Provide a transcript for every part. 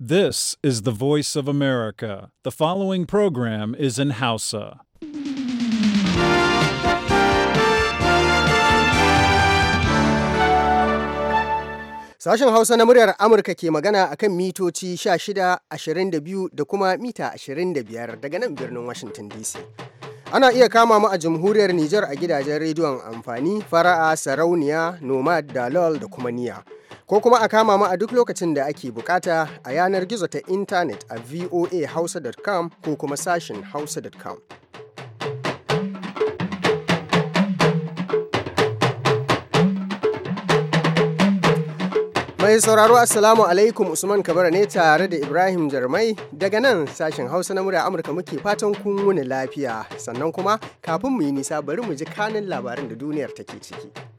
This is the voice of America. The following program is in Hausa. Sashen Hausa na muryar Amurka ke magana akan mitoci 16, 22 da kuma mita 25 daga nan birnin Washington DC. Ana iya kama mu a jamhuriyar Nijar a gidajen rediyon amfani, fara'a, sarauniya, nomad, dalol da kuma niya. ko kuma a kama mu a duk lokacin da ake bukata a yanar gizo ta intanet a voahausa.com ko kuma sashin hausa.com. Mai sauraro Assalamu alaikum Usman Kabara ne tare da Ibrahim Jarmai daga nan sashen Hausa na murya Amurka muke fatan kun wuni lafiya sannan kuma kafin mu yi nisa bari mu ji kanin labarin da duniyar take ciki.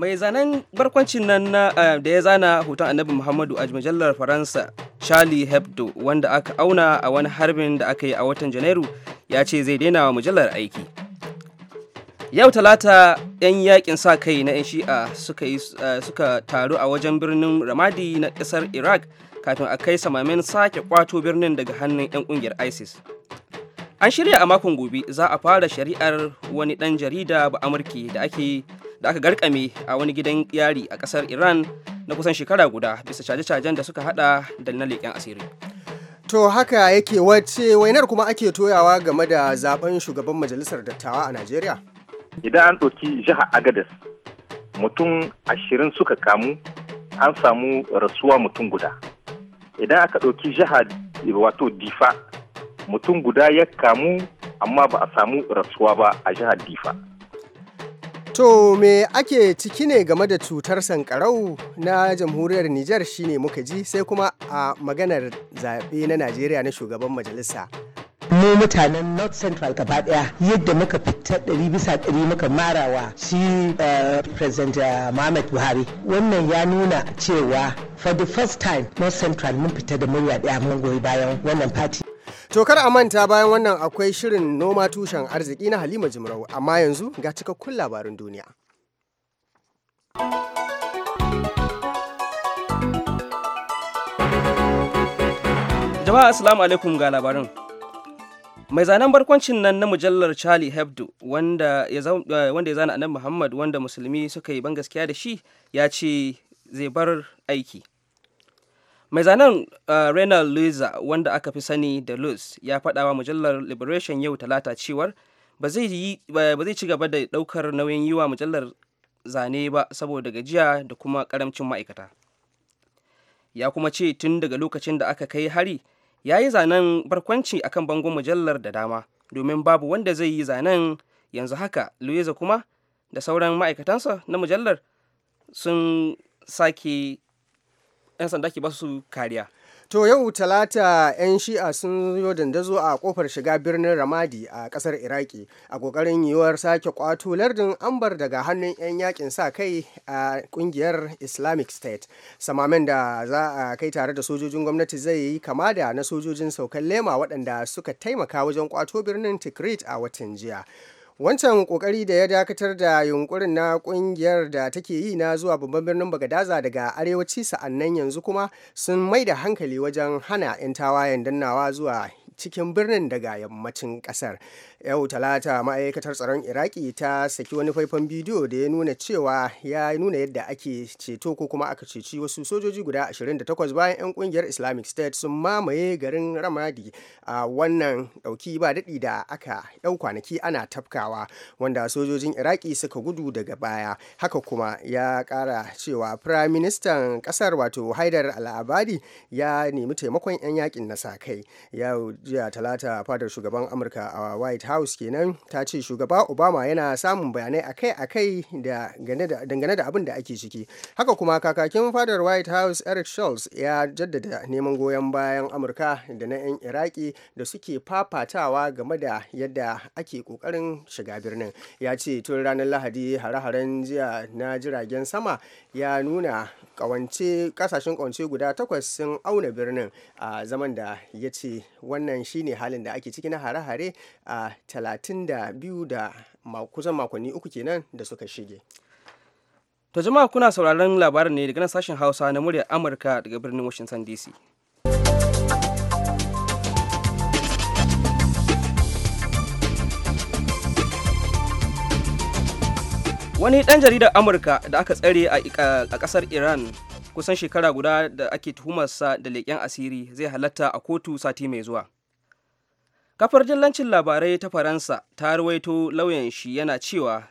mai zanen barkwancin nan na eh, da ya zana hoton annabi muhammadu a mujallar faransa charlie hebdo wanda aka auna a wani harbin da aka yi a watan janairu ya ce zai daina wa mujallar aiki yau talata 'yan yakin sa kai na 'yan shi'a suka eh, taru a wajen birnin ramadi na ƙasar iraq kafin a kai samamin sake kwato birnin daga hannun 'yan kungiyar isis an shirya a makon gobe za a fara shari'ar wani ɗan jarida ba amurki da ake da aka garkame a wani gidan yari a kasar iran na kusan shekara guda bisa caje-cajen da suka hada da na leƙen asiri To haka yake wace wainar kuma ake toyawa game da zaben shugaban majalisar dattawa a Najeriya? Idan an ɗauki jihar agadas mutum ashirin suka kamu an samu rasuwa mutum guda. Idan aka ɗauki jihar wato Difa mutum guda ya kamu amma ba a samu rasuwa ba a jihar Difa. To me ake ciki ne game da cutar sankarau na jamhuriyar Nijar shine muka ji sai kuma a maganar zaɓe na Najeriya na shugaban majalisa. mu mutanen north central gaba daya yadda muka fita ɗari bisa ɗari muka marawa shi eh, president eh, Muhammad buhari wannan ya nuna cewa for the first time north central mun fita da murya daya mun goyi bayan wannan party Tokar a manta bayan wannan akwai shirin noma tushen arziki na Halima Jimrau amma yanzu ga cikakkun labarin duniya. Jama'a Assalamu alaikum ga labarin. Mai zanen barkwancin nan na mujallar Charlie Hebdo wanda ya eh, zana annabi Muhammad wanda musulmi suka yi ban gaskiya da shi ya ce zai bar aiki. mai zanen uh, renal luisa wanda aka fi sani da luz ya faɗa wa mujallar liberation yau talata cewar ba zai ci gaba da ɗaukar nauyin yi wa mujallar zane ba saboda gajiya da kuma ƙaramcin ma'aikata ya kuma ce tun daga lokacin da aka kai hari ya yi zanen barkwanci akan bangon mujallar da dama domin babu wanda zai yi zanen yanzu haka luisa kuma da sauran ma'aikatansa na mujallar sun sake 'yan sanda ke ba su kariya To yau talata 'yan shi'a sun yo dandazo a kofar shiga birnin Ramadi a kasar Iraki a kokarin yiwuwar sake kwato lardin ambar daga hannun 'yan yakin sa kai a kungiyar Islamic State. samamin da za a kai tare da sojojin gwamnati zai yi kama da na sojojin saukan lema waɗanda suka taimaka wajen kwato birnin Tikrit a watan jiya. wancan kokari da ya dakatar da yunkurin na kungiyar da take yi na zuwa babban birnin bagadaza daga arewaci sa'annan yanzu kuma sun mai da hankali wajen hana 'yan tawayen dannawa zuwa cikin birnin daga yammacin kasar yau talata ma'aikatar tsaron iraki ta saki wani faifan bidiyo da ya nuna cewa ya nuna yadda ake ceto ko kuma aka ceci wasu sojoji guda 28 bayan 'yan kungiyar islamic state sun mamaye garin ramadi a wannan dauki ba daɗi da aka yau kwanaki ana tafkawa wanda sojojin iraki suka gudu daga baya haka kuma ya ƙara cewa firaministan ƙasar wato haidar al'abadi ya nemi taimakon 'yan yakin na sa kai jiya talata fadar shugaban amurka a white house kenan ta ce shugaba obama yana samun bayanai akai-akai dangane da abin da ake ciki haka kuma kakakin fadar white house eric schultz ya jaddada neman goyon bayan amurka da na 'yan iraki da suke fafatawa game da yadda ake kokarin shiga birnin ya ce tun ranar lahadi hare-haren jiya na jiragen sama ya nuna kasashen kawance guda takwas sun auna birnin a zaman da ya ce wannan wannan shine halin da ake ciki na hare-hare a 32 da kusan makonni uku kenan da suka shige to jama'a kuna sauraron labarin ne daga nan sashen hausa na muryar amurka daga birnin washington dc wani ɗan jaridar amurka da aka tsare a ƙasar iran kusan shekara guda da ake tuhumarsa da leƙen asiri zai halatta a kotu sati mai zuwa kafar jallancin labarai ta faransa ta ruwaito lauyan shi yana cewa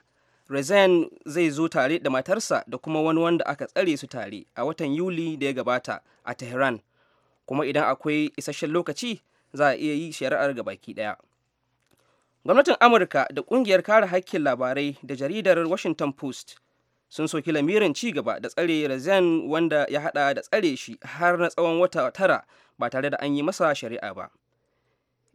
rezen zai zo tare da matarsa da kuma wani wanda aka tsare su tare a watan yuli da ya gabata a tehran kuma idan akwai isasshen lokaci za a iya yi shari'ar ga baki daya gwamnatin amurka da kungiyar kare hakkin labarai da jaridar washington post sun soki lamirin ci gaba da tsare rezen wanda ya hada da tsare shi har na tsawon wata tara ba tare da an yi masa shari'a ba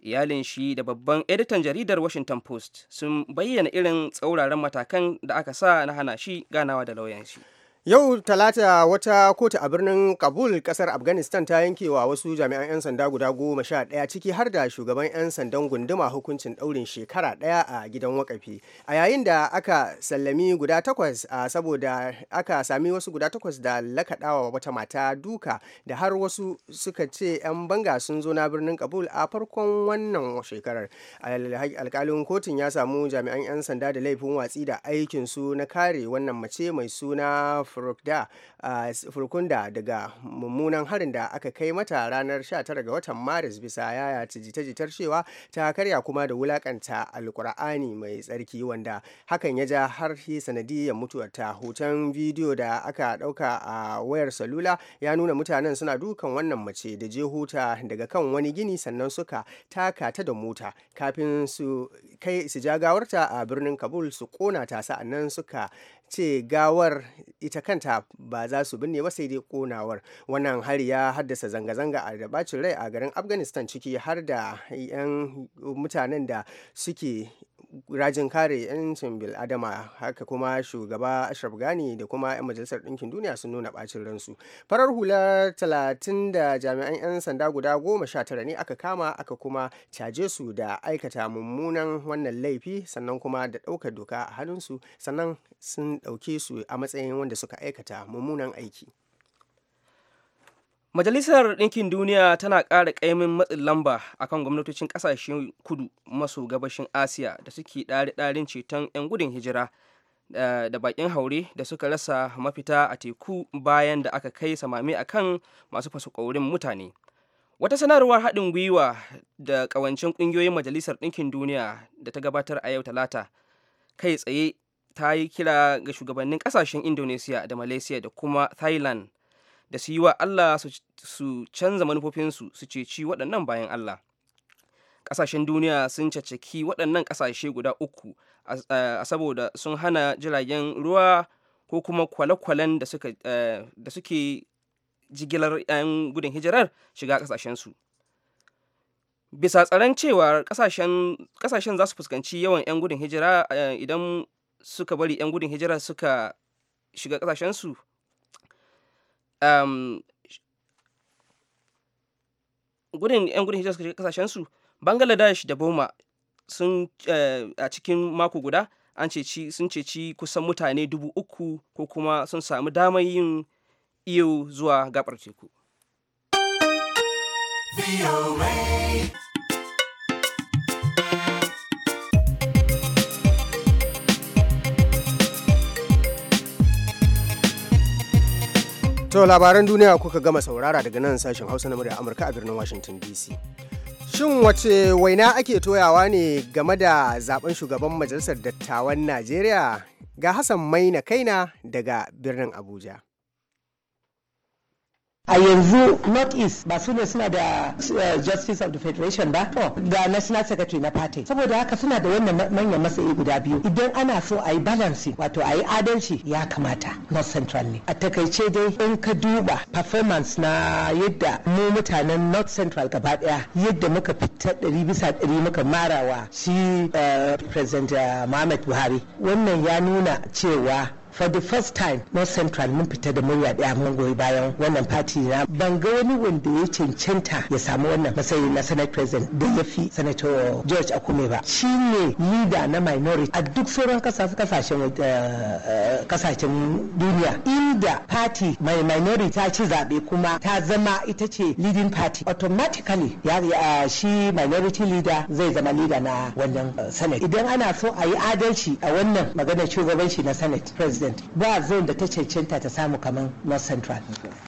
iyalin shi da babban editan jaridar washington post sun bayyana irin tsauraran matakan da aka sa na hana shi ganawa da lauyan shi yau talata wata kotu a birnin kabul kasar afghanistan ta yanke wa wasu jami'an 'yan sanda guda goma sha daya ciki har da shugaban 'yan sandan gunduma hukuncin daurin shekara daya a gidan wakafi a yayin da aka sallami guda takwas a saboda aka sami wasu guda takwas da lakaɗawa wata mata duka da har wasu suka ce 'yan banga sun zo na birnin kabul a farkon wannan shekarar alkalin kotun ya samu jami'an 'yan sanda da laifin watsi da aikinsu na kare wannan mace mai suna furukunda daga mummunan harin da aka kai mata ranar 19 ga watan maris bisa yaya ta jita-jitar cewa ta karya kuma da wulakanta alkur'ani mai tsarki wanda hakan ya ja har shi sanadiyar ta hoton bidiyo da aka dauka a wayar salula ya nuna mutanen suna dukan wannan mace da je huta daga kan wani gini sannan suka taka ta da mota kafin su kai su ja gawarta a birnin kabul su kona ta sa'annan suka ce gawar ita kanta ba za su binne ba sai dai konawar wannan hari ya haddasa zanga-zanga a da bacin rai a garin afghanistan ciki har da 'yan mutanen da suke rajin kare 'yancin bil'adama haka kuma shugaba ashraf gani da kuma 'yan majalisar ɗinkin duniya sun nuna ɓacin ransu farar hula talatin da jami'an 'yan sanda guda goma sha tara ne aka kama aka kuma caje su da aikata mummunan wannan laifi sannan kuma da ɗaukar doka a hannunsu sannan sun ɗauke su a matsayin wanda suka aikata mummunan aiki majalisar ɗinkin duniya tana ƙara ƙaimin matsin lamba akan gwamnatocin ƙasashen kudu maso gabashin asiya da suke ɗari-ɗarin ceton 'yan gudun hijira eh, da bakin haure da suka rasa mafita a teku bayan da aka kai samami a kan masu fasakorin mutane wata sanarwar haɗin gwiwa da ƙawancin ƙungiyoyin majalisar ɗinkin duniya da ta gabatar a yau talata kai tsaye ta yi kira ga shugabannin ƙasashen indonesia da malaysia da kuma thailand da su yi wa Allah su canza manufofinsu su ceci waɗannan bayan Allah. Ƙasashen duniya sun caceki waɗannan ƙasashe guda uku a eh, saboda sun hana jiragen ruwa ko kuma kwale-kwalen eh, da suke jigilar 'yan gudun hijirar shiga ƙasashensu. Bisa tsaron cewa ƙasashen za su fuskanci yawan 'yan gudun hijira eh, idan suka bari 'yan gudun hijira suka shiga ƙasashensu Um, gudun 'yan gudun hijira kasashensu bangladesh da boma sun eh, a cikin mako guda an ceci sun ceci kusan mutane dubu uku ko kuma sun samu damar yin iyo zuwa gabar teku. To labaran duniya kuka gama saurara daga nan sashen Hausa na murya Amurka a birnin Washington DC. Shin wace waina ake toyawa ne game da zaben shugaban majalisar dattawan Najeriya ga Hassan Maina Kaina daga birnin Abuja. a yanzu north east ba su ne suna da eh, justice of the federation ba to da national secretary na party saboda haka suna da wannan manyan matsayi guda biyu idan ana so a yi balance wato a yi adalci ya kamata north central ne a takaice dai in ka duba performance na yadda mu mutanen north central gaba daya yadda muka fita ɗari bisa ɗari muka marawa shi eh, president eh, muhammad buhari wannan ya nuna cewa for the first time north central mun fita da murya daya mun goyi bayan wannan party na ban ga wani wanda ya cancanta ya samu wannan matsayi na senate president da ya fi senator george akume ba shi ne leader na minority a duk sauran kasashen eh, eh, kasashen duniya inda party mai minority ta ci zaɓe kuma ta zama ita ce leading party automatically ya shi minority leader zai zama leader na wannan eh, senate idan ana so a yi adalci a wannan maganar shugabanci na senate president president ba zone da ta cancanta ta samu kamar north central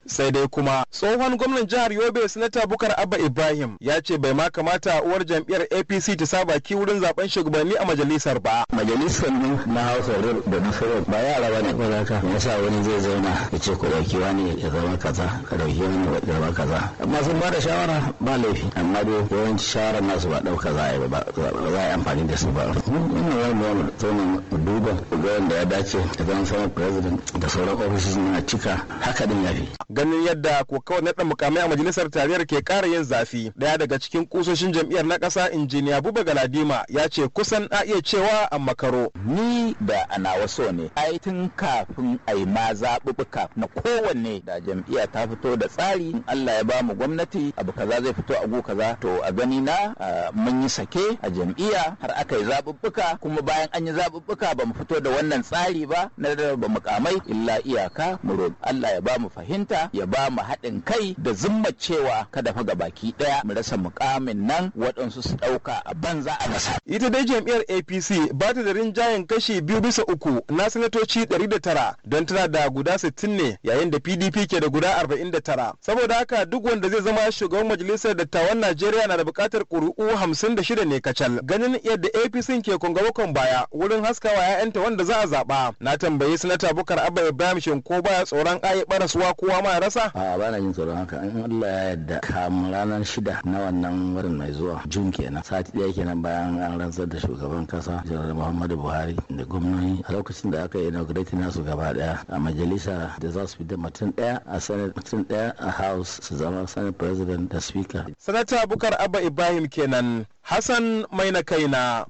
sai dai kuma tsohon gwamnan jihar yobe sanata bukar abba ibrahim ya ce bai ma kamata uwar jam'iyyar apc ta saba ki wurin zaben shugabanni a majalisar ba majalisar ne na hausa da na ba yara ba ne ba za ka yasa wani zai zauna ya ce ku dauki wani ya zama kaza ka dauki wani ya zama kaza amma sun ba da shawara ba laifi amma dai yawanci shawara nasu ba dauka za a yi ba za a yi amfani da su ba ina wani mu zauna duba ga wanda ya dace da zama conference president da sauran offices na cika haka din yafi ganin yadda ko kawai na dan mukamai a majalisar tarayyar ke ƙara yin zafi daya daga cikin kusoshin jam'iyyar na ƙasa injiniya buba galadima ya ce kusan a iya cewa a makaro ni da ana waso ne ai tun kafin ai ma zaɓuɓɓuka na kowanne da jam'iyya ta fito da tsari Allah ya ba mu gwamnati abu kaza zai fito a go kaza to a gani na mun yi sake a jam'iyya har aka yi zaɓuɓɓuka kuma bayan an yi zaɓuɓɓuka ba mu fito da wannan tsari ba na da mukamai illa iyaka mu ro Allah ya ba mu fahimta ya ba mu haɗin kai da zumma cewa kada fa baki ɗaya mu rasa mukamin nan waɗansu su ɗauka a banza a rasa. Ita dai jam'iyyar APC ba ta da rinjayen kashi biyu bisa uku na sanatoci ɗari da tara don tana da guda sittin ne yayin da PDP ke da guda arba'in da tara. Saboda haka duk wanda zai zama shugaban majalisar dattawan Najeriya na da buƙatar ƙuri'u hamsin da shida ne kacal. Ganin yadda APC ke kwangaba baya wurin haskawa 'ya'yanta wanda za a zaɓa na tambayi yi sanata bukar abba ibrahim shin ko baya tsoron ayi barasuwa kowa ma rasa a ba na jin tsoron haka in allah ya yadda kamun ranar shida na wannan wurin mai zuwa jun kenan sati daya kenan bayan an rantsar da shugaban kasa janar muhammadu buhari da gwamnoni a lokacin da aka yi inaugurati nasu gaba daya a majalisa da za su fita mutum daya a senate mutum daya a house su zama senate president da speaker sanata bukar abba ibrahim kenan hassan mai na kaina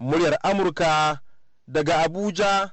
muryar amurka daga abuja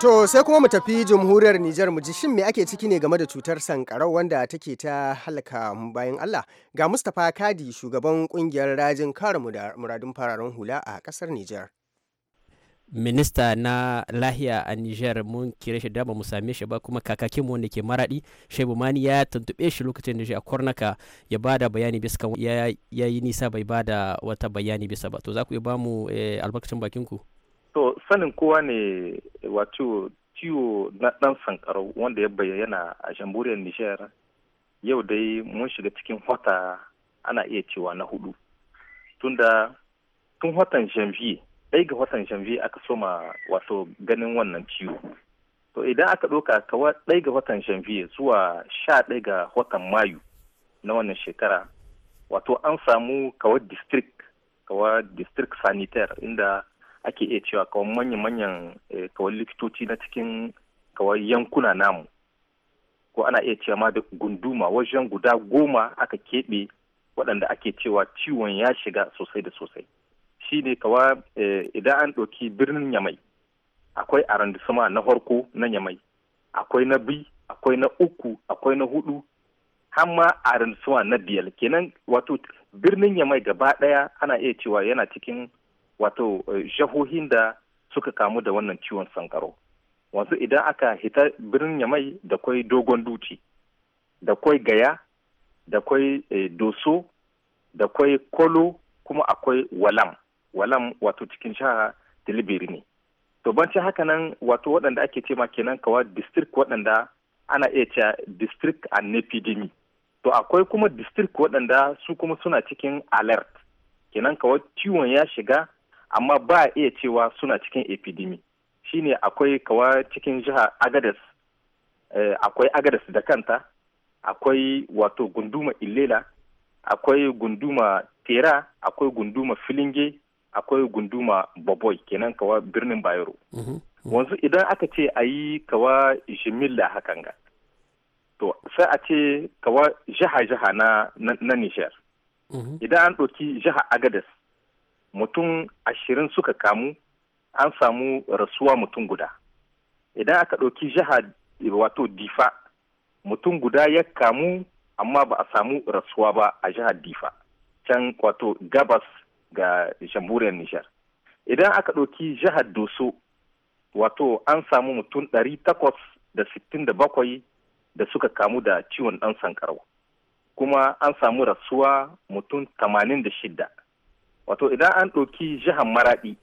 to sai kuma mu tafi jamhuriyar Nijar mu ji shin me ake ciki ne game da cutar sankarau wanda take ta halaka bayan Allah ga Mustapha Kadi shugaban kungiyar rajin kare muradun fararen hula a kasar Nijar minista na lahiya a niger mun kire shi ba mu same shi ba kuma kakakin mu wanda ke maradi Shehu Mani ya tuntube shi lokacin da shi a Kornaka ya bada bayani bisa kan ya yi nisa bai bada wata bayani bisa ba to za ku iya bamu eh, albarkacin bakin ku to sanin kowa ne wato ciwo na dan sankarau wanda ya bayyana a jamhuriyar niger yau dai mun shiga cikin wata ana iya cewa na hudu tunda tun watan janvier ɗai ga watan janvier aka soma wato ganin wannan ciwo to idan aka ɗauka kawa ɗai ga watan janvier zuwa sha ɗai ga watan mayu na wannan shekara wato an samu kawa district kawa district sanitaire inda ake iya cewa kawa manyan-manyan eh, kawa likitoci na cikin kawa yankuna namu ko ana iya cewa ma da gunduma wajen guda goma aka keɓe waɗanda ake cewa ciwon ya shiga sosai da sosai ne kawa eh, idan an ɗauki birnin Yamai akwai arandisuma na farko na Yamai akwai na bi akwai na uku akwai na hudu har ma arandisuma na biyar kenan wato birnin Yamai gaba ɗaya ana iya cewa yana cikin wato eh, jahohin da suka kamu da wannan ciwon sankaro wasu idan aka hita birnin Yamai da kwai dogon duci da kwai gaya da kwai eh, doso da kwai kolo kuma akwai walam walam wato cikin jiha Delivery ne. To banci haka nan wato waɗanda ake ma kenan kawa district waɗanda ana iya cewa district an epidemic. To akwai kuma district waɗanda su kuma suna cikin alert. Kenan kawa ciwon ya shiga amma ba a iya cewa suna cikin epidemic. Shine akwai kawa cikin jiha Agadas eh, akwai Agadas da kanta akwai wato gunduma Ilela akwai gunduma Tera akwai gunduma Filinge akwai gunduma baboy kenan kawa birnin bayero mhm. wanzu idan aka ce a yi kawa jimilla hakan ga to sai a ce kawa jiha-jiha na, na, mhm. idan an ɗauki jiha agadas mutum ashirin suka kamu an samu rasuwa mutum guda idan aka ɗauki jiha wato difa mutum guda ya kamu amma ba a samu rasuwa ba a jihar difa can wato gabas ga jamhuriyar Nijar. Idan aka ɗauki jihar Doso, wato an samu mutum ɗari takwas da sittin da bakwai da suka kamu da ciwon ɗan sankarau. Kuma an samu rasuwa mutum tamanin da shidda. Wato idan an ɗauki jihar Maraɗi,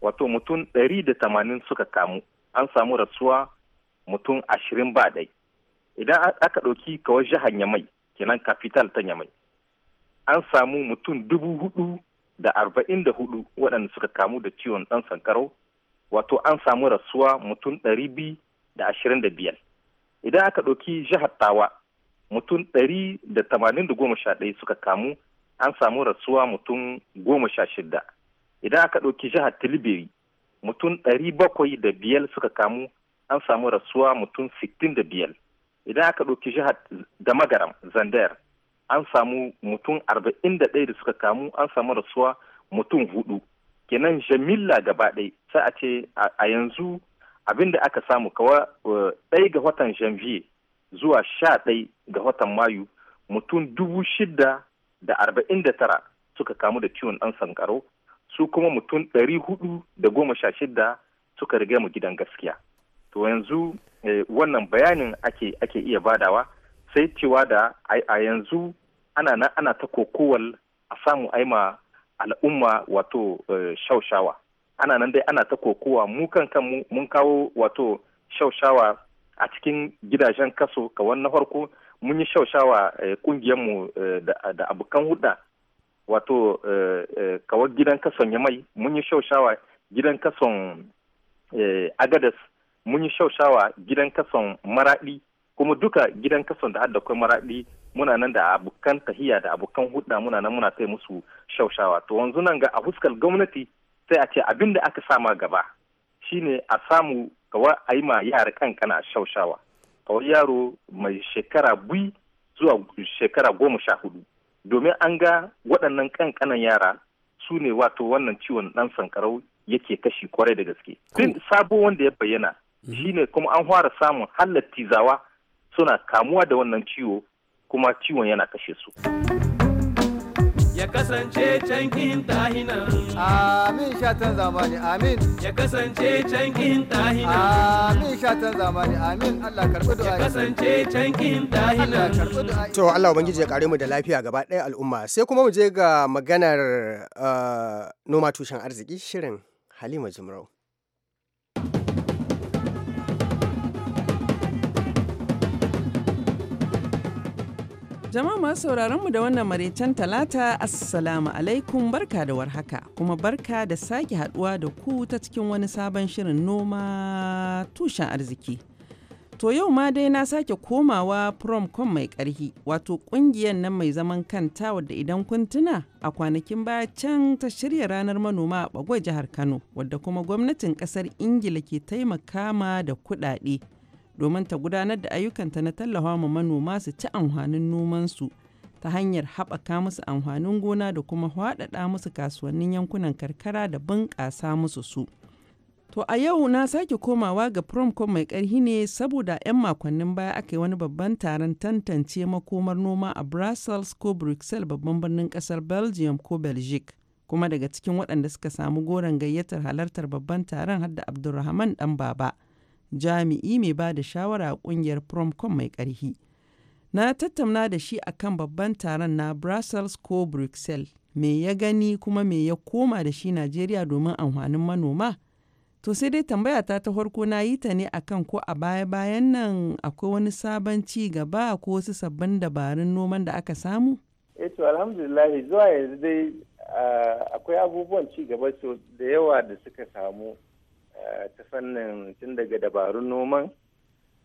wato mutum ɗari da tamanin suka kamu, an samu rasuwa mutum ashirin ba ɗai. Idan aka ɗauki kawai jihar nyamai kenan kafital ta nyamai an samu mutum dubu hudu da arba'in da hudu waɗanda suka kamu da ciwon ɗan sankarau wato an samu rasuwa mutum ɗari biyu da ashirin da biyar idan aka ɗauki jihar tawa mutum ɗari da tamanin da goma sha ɗaya suka kamu an samu rasuwa mutum goma sha shida idan aka ɗauki jihar tilibiri mutum ɗari bakwai da biyar suka kamu an samu rasuwa mutum sittin da biyar idan aka ɗauki jihar damagaram magaram an samu mutum arba'in da ɗaya da suka kamu an samu rasuwa mutum hudu kenan jamila gaba ɗaya sai a ce a yanzu abin da aka samu kawa uh, ɗaya ga watan janvier zuwa sha ɗaya ga watan mayu mutum dubu shida da arba'in da tara suka kamu da ciwon ɗan sankaro su kuma mutum ɗari hudu da goma sha shida suka riga mu gidan gaskiya to yanzu eh, wannan bayanin ake iya badawa sai cewa da a yanzu ana nan ana ta kokowar a samu aima al'umma wato eh, shaushawa ana nan dai ana ta kokowa mu kan kanmu mun kawo wato shaushawa a cikin gidajen kaso ka na farko mun yi shaushawa eh, kungiyarmu eh, da abokan hudda wato kawar gidan kason yamai mun yi shaushawa gidan kason agadas mun yi shaushawa gidan kason maradi kuma duka gidan kasan da adda kai maraɗi muna nan da abokan tahiya da abokan hudda muna nan muna kai musu shaushawa to wanzu nan ga a fuskar gwamnati sai a ce abin da aka sama gaba shine a samu kawai a yi ma yara kankana shaushawa kawai yaro mai shekara bui zuwa shekara goma sha hudu domin an ga waɗannan kankanan yara su ne wato wannan ciwon ɗan sankarau yake kashi kwarai da gaske. Sabo wanda ya bayyana mm-hmm. shine kuma an fara samun halatti zawa suna kamuwa da wannan ciwo kuma ciwon yana kashe su. Ya kasance cankin tahinan. Amin shatan zamani amin. Ya kasance cankin tahinan. Amin shatan zamani amin Allah karɓi du'a. Ya kasance cankin tahinan. To Allah ubangiji ya kare mu da lafiya gaba ɗaya al'umma sai kuma mu je ga maganar uh, noma tushen arziki shirin Halima Jumrau. Jama'a masu sauraron mu da wannan maraicen talata assalamu alaikum barka da warhaka kuma barka da sake haduwa da ku ta cikin wani sabon shirin noma tushen arziki. To yau ma dai na sake komawa promcom mai karhi wato kungiyar nan mai zaman kanta wadda idan kun tuna a kwanakin baya can ta shirya ranar manoma a bagwai jihar Kano wadda kuma gwamnatin kasar Ingila ke taimaka ma da kuɗaɗe. domin ta gudanar da ayyukanta na tallafa ma manoma su ci amfanin nomansu ta hanyar haɓaka musu amfanin gona da kuma haɗaɗa musu kasuwannin yankunan karkara da bunƙasa musu su. To a yau na sake komawa ga Promcom mai ƙarhi ne saboda 'yan makonnin baya aka yi wani babban taron tantance makomar noma a Brussels ko Bruxelles babban birnin ƙasar Belgium ko Belgique. Kuma daga cikin waɗanda suka samu goron gayyatar halartar babban taron hadda Abdulrahman ɗan baba. jami'i mai ba da shawara a kungiyar promcom mai karhi na tattauna da shi akan babban taron na brussels ko bruxelles me ya gani kuma me ya koma da shi najeriya domin amfanin manoma to sai dai tambaya ta ta farko na yi ta ne akan ko a baya bayan nan akwai wani sabon ci gaba ko wasu sabbin dabarun noman da aka samu eto eh alhamdulillah zuwa yanzu dai ah, akwai abubuwan ci gaba da yawa da suka samu ta fannin tun daga dabarun noman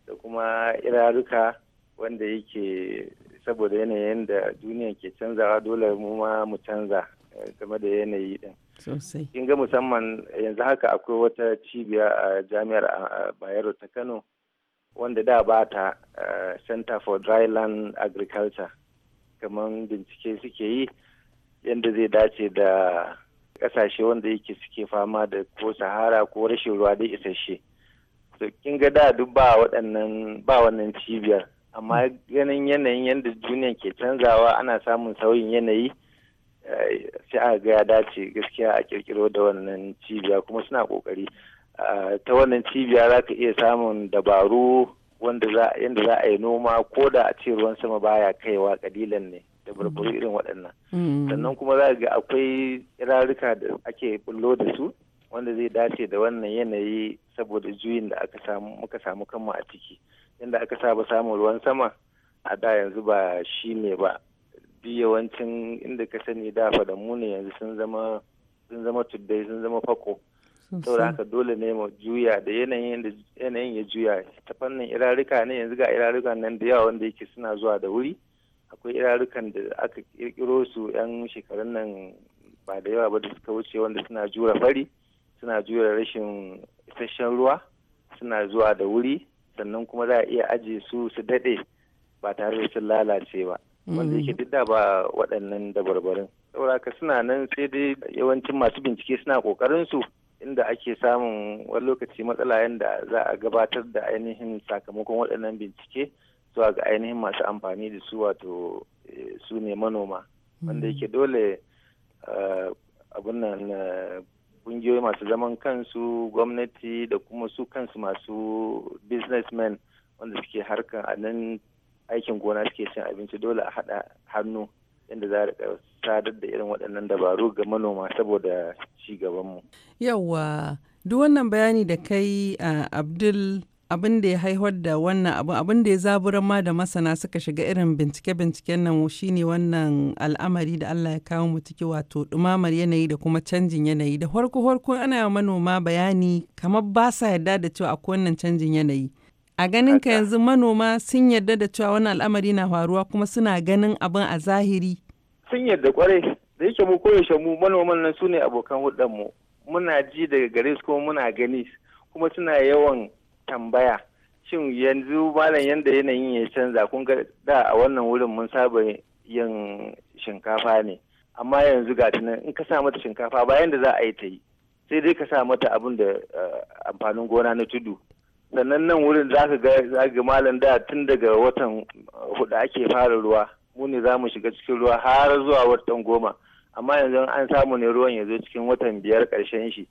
da kuma iraruka wanda yake saboda yanayin da duniya ke canzawa dole mu ma mu canza eh, game da yanayi din kin ga musamman yanzu haka akwai wata cibiya a jami'ar bayero ta kano wanda da ba ta eh, center for dryland agriculture kamar bincike suke yi yadda zai dace da kasashe wanda yake suke fama da ko sahara ko rashin ruwa da isasshe to kin ga da duk ba waɗannan ba wannan cibiyar amma ganin yanayin yadda duniya ke canzawa ana samun sauyin yanayi eh, sai a ga ya dace gaskiya a kirkiro da wannan cibiya kuma suna kokari eh, ta wannan cibiya za ka iya samun dabaru wanda za a yi noma ko da a ce ruwan sama baya kaiwa kadilan ne da burburu mm. irin waɗannan mm. sannan kuma za ga akwai irarika da ake bullo da su wanda zai dace da wannan yanayi saboda juyin da aka samu muka samu kanmu a ciki inda aka saba samun ruwan sama a da yanzu ba shi ne ba bi yawancin inda ka sani da mu ne yanzu sun zama sun zama tuddai sun zama fako saboda haka dole ne mu juya da yanayin ya juya ta fannin irarika ne yanzu ga irarika nan da yawa wanda yake suna zuwa da wuri akwai irarukan da aka kirkiro su yan shekarun nan ba da yawa ba da suka wuce wanda suna jura fari suna jura rashin isasshen ruwa suna zuwa da wuri sannan kuma za a iya aje su su daɗe ba tare da sun lalace ba wanda mm. yake duk da ba waɗannan dabarbarin saboda suna nan sai dai yawancin masu bincike suna ƙoƙarin su inda ake samun wani lokaci matsala yadda za a gabatar da ainihin sakamakon waɗannan bincike zuwa ga ainihin masu amfani da su wato eh, su ne manoma wanda yake dole eh, abunan nan eh, kungiyoyi masu zaman kansu gwamnati da kuma su kansu masu businessmen wanda suke harkan a nan aikin gona suke cin abinci dole a haɗa hannu inda za a sadar da irin waɗannan dabaru ga manoma saboda ci gabanmu. Yawwa, duk wannan bayani da kai Abdul abin da ya haihar da wannan abu abin da ya zaburar ma da masana suka shiga irin bincike-binciken nan shine wannan al'amari da Allah ya kawo mu ciki wato dumamar yanayi da kuma canjin yanayi da farko farko ana yawa manoma bayani kamar ba sa yarda da cewa akwai wannan canjin yanayi a ganin ka yanzu manoma sun yarda da cewa wannan al'amari na faruwa kuma suna ganin abin a zahiri sun yarda kwarai da yake mu koyaushe mu manoman nan sune abokan abokan mu muna ji daga gare su kuma muna gani kuma suna yawan tambaya shin yanzu malam yanda yanayin ya canza kun ga da a wannan wurin mun saba yin shinkafa ne amma yanzu ga nan in ka sa mata shinkafa bayan da za a yi ta yi sai dai ka sa mata abin da eh, amfanin gona na tudu sannan nan wurin za ka ga malam da tun daga watan hudu ake fara ruwa mu ne za mu shiga cikin ruwa har zuwa watan goma amma yanzu an samu ne ruwan ya zo cikin watan biyar ƙarshen shi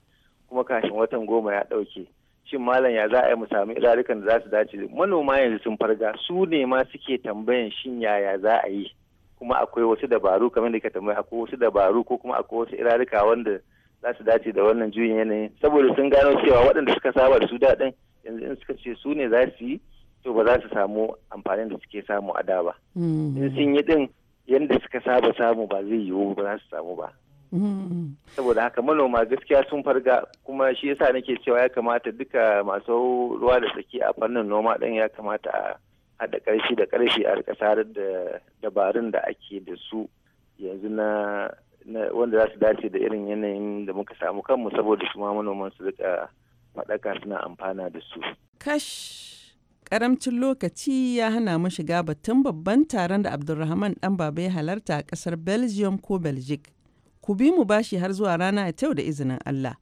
kuma kashin watan goma ya ɗauke shin malam ya za a yi mu sami ilalikan da za su dace manoma yanzu sun farga su ne ma suke tambayan shin yaya za a yi kuma akwai wasu dabaru kamar da ka tambaya akwai wasu dabaru ko kuma akwai wasu ilalika wanda za su dace da wannan juyin yanayi saboda sun gano cewa waɗanda suka saba da su daɗin yanzu in suka ce su ne za su yi to ba za su samu amfanin da suke samu a da ba mm-hmm. in sun yi din yadda suka saba samu ba zai yiwu ba za su samu ba saboda haka manoma gaskiya sun farga kuma shi yasa nake cewa ya kamata duka masu ruwa da tsaki a fannin noma ɗin ya kamata a haɗa ƙarfi da ƙarfi a rika da dabarun da ake da su yanzu na wanda za su dace da irin yanayin da muka samu kanmu saboda kuma manoman su rika faɗaka suna amfana da su. Kash karamcin lokaci ya hana mu shiga batun babban taron da Abdulrahman dan baba ya halarta a ƙasar Belgium ko Belgique. ku bi mu bashi har zuwa rana ya tau da izinin Allah.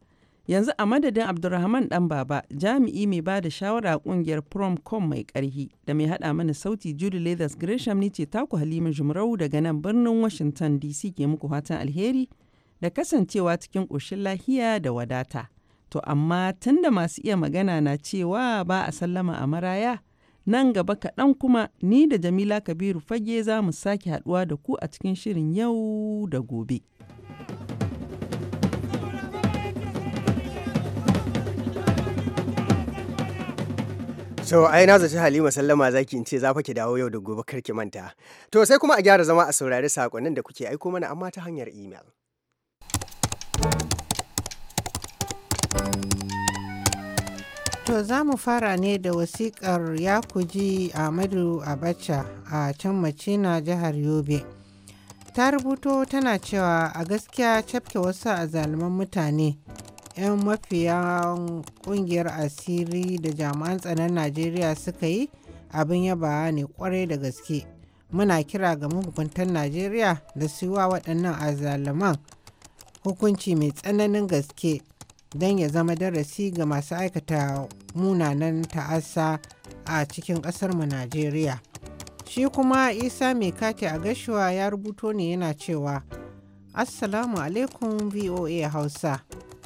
Yanzu a madadin Abdulrahman dan baba jami'i mai ba da shawara a kungiyar Promcom mai ƙarhi da mai haɗa mana sauti Judy Leathers Gresham ni ce taku Halima Jumrau daga nan birnin Washington DC ke muku fatan alheri da kasancewa cikin ƙoshin lahiya da wadata. To amma tun da masu iya magana na cewa ba a sallama a maraya nan gaba kaɗan kuma ni da Jamila Kabiru fage za mu sake haɗuwa da ku a cikin shirin yau da gobe. So ai na zaci Halima Sallama zaki in ce za fa ki dawo yau da gobe kar ki manta. To sai kuma a gyara zama a saurari sakonnin da kuke aiko mana amma ta hanyar email. To za mu fara ne da wasiƙar Yakuji Ahmadu Abacha a can Macina jihar Yobe. Ta rubuto tana cewa a gaskiya cafke wasu a zaluman mutane 'yan mafiya kungiyar asiri da jami'an tsanan najeriya suka yi abin ya-bawa ne kwarai da gaske muna kira ga mahukuntan najeriya da su wa waɗannan azalaman hukunci mai tsananin gaske don ya zama darasi ga masu aikata munanan ta'asa a cikin ƙasarmu najeriya shi kuma isa mai kati a gashuwa ya rubuto ne yana cewa assalamu alaikum voa hausa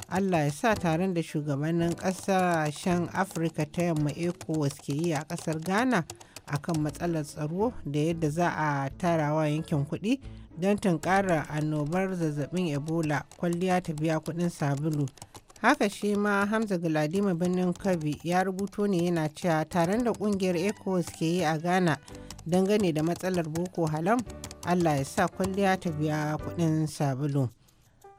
Allah ya sa taron da shugabannin ƙasashen Afirka ta yamma ECOWAS ke yi a ƙasar Ghana a kan matsalar tsaro da yadda za a tarawa yankin kuɗi don tunƙara annobar zazzabin Ebola kwalliya ta biya kuɗin sabulu. haka shi ma hamza galadima birnin kabi ya rubuto ne yana cewa taron da kungiyar ecowas ke yi a ghana dangane da matsalar boko haram allah ya sa kwalliya ta biya kuɗin sabulu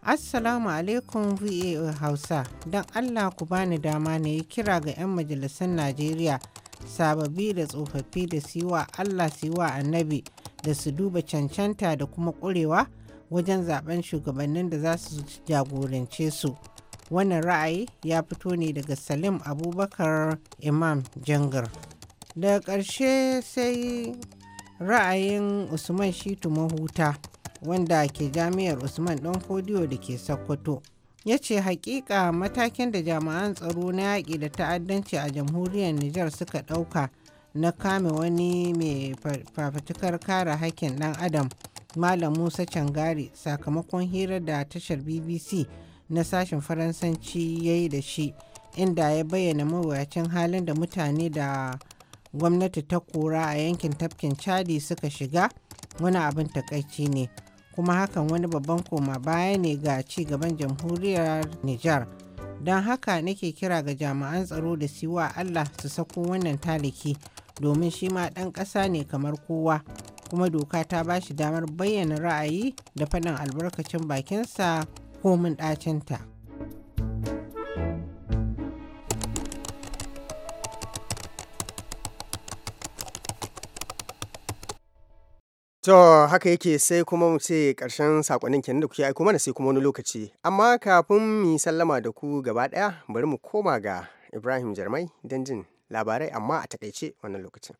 Assalamu alaikum VOA Hausa, don Allah ku bani dama na yi kira ga 'yan majalisar Najeriya sababbi da tsofaffi da siwa Allah siwa annabi da su duba cancanta da kuma ƙurewa wajen zaben shugabannin da za su jagorance su. Wannan ra'ayi ya fito ne daga Salim Abubakar Imam Jangar. Daga ƙarshe sai ra'ayin Usman Shitu Mahuta. wanda ke jami'ar Usman ɗan fodiyo da ke Sokoto. Ya ce hakika matakin da jami'an tsaro na yaƙi da ta'addanci a jamhuriyar Nijar suka ɗauka na kame wani mai fafutukar kare hakkin ɗan adam Malam Musa Cangari sakamakon hira da tashar BBC na sashen Faransanci ya yi da shi inda ya bayyana mawuyacin halin da mutane da gwamnati ta kora a yankin tafkin Chadi suka shiga wani abin takaici ne. kuma hakan wani babban koma baya ne ga ci gaban jamhuriyar Nijar. Don haka nake kira ga jami'an tsaro da siwa Allah su sako wannan taliki domin shi ma ɗan ƙasa ne kamar kowa kuma doka ta ba shi damar bayyana ra'ayi da faɗin albarkacin bakinsa ko mun ɗacinta. To haka yake sai kuma mu ce ƙarshen sakonnin kenan da kuke aiko mana sai kuma wani lokaci. Amma kafin mu sallama da ku gaba ɗaya bari mu koma ga Ibrahim Jarmai don jin labarai amma a takaice wannan lokacin.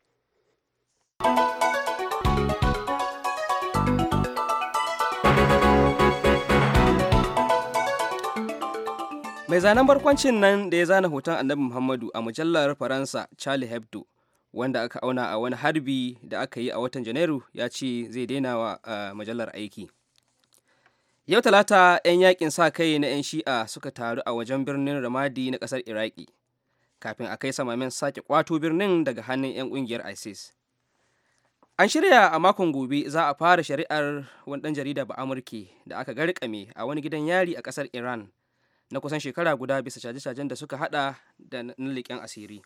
Mai zanen barkwancin nan da ya zana hoton Annabi Muhammadu a mujallar Faransa Charlie Hebdo wanda aka auna a wani harbi da aka yi a watan janairu ya ce zai daina wa majalar aiki yau talata 'yan yakin sa kai na 'yan shi'a suka taru a wajen birnin ramadi na kasar iraki kafin a kai samamin sake kwato birnin daga hannun 'yan kungiyar isis an shirya a makon gobe za a fara shari'ar wani dan jarida ba amurke da aka garkame a wani gidan yari a kasar iran na kusan shekara guda bisa caje-cajen da suka hada da na asiri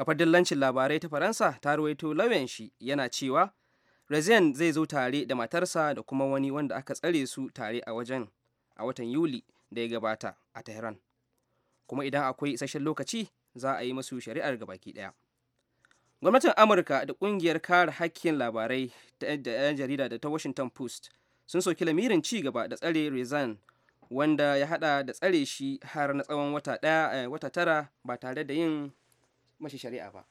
kafar dillancin labarai ta faransa ta ruwaito lauyan shi yana cewa rezien zai zo tare da matarsa da kuma wani wanda aka tsare su tare a wajen a watan yuli da ya gabata a tehran kuma idan akwai isasshen lokaci za a yi masu shari'ar gabaki daya gwamnatin amurka da kungiyar kare hakkin labarai da 'yan jarida da ta washington post sun soki lamirin ci gaba da tsare rezan wanda ya hada da tsare shi har na tsawon wata daya eh, wata tara ba tare da yin mashi shari'a ba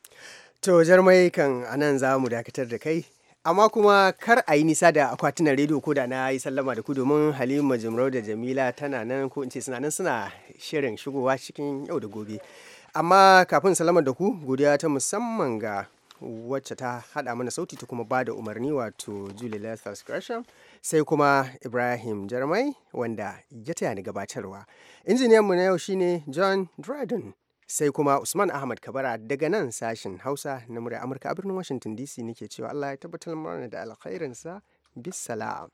to jarmai kan anan za mu dakatar da kai amma kuma kar a yi nisa da akwatunan rediyo ko da na yi sallama da ku domin halima jimrau da jamila tana nan ko in ce suna nan suna shirin shigowa cikin yau da gobe amma kafin sallama da ku godiya ta musamman ga wacce ta haɗa mana sauti ta kuma bada umarni wato julie Lester's gresham sai kuma ibrahim jarmai wanda ya taya ni gabatarwa injiniyanmu na yau shine john dryden sai kuma usman ahmad kabara daga nan sashen hausa na murya amurka a birnin washington dc nake cewa allah ya tabbatar mana da alkhairinsa bisala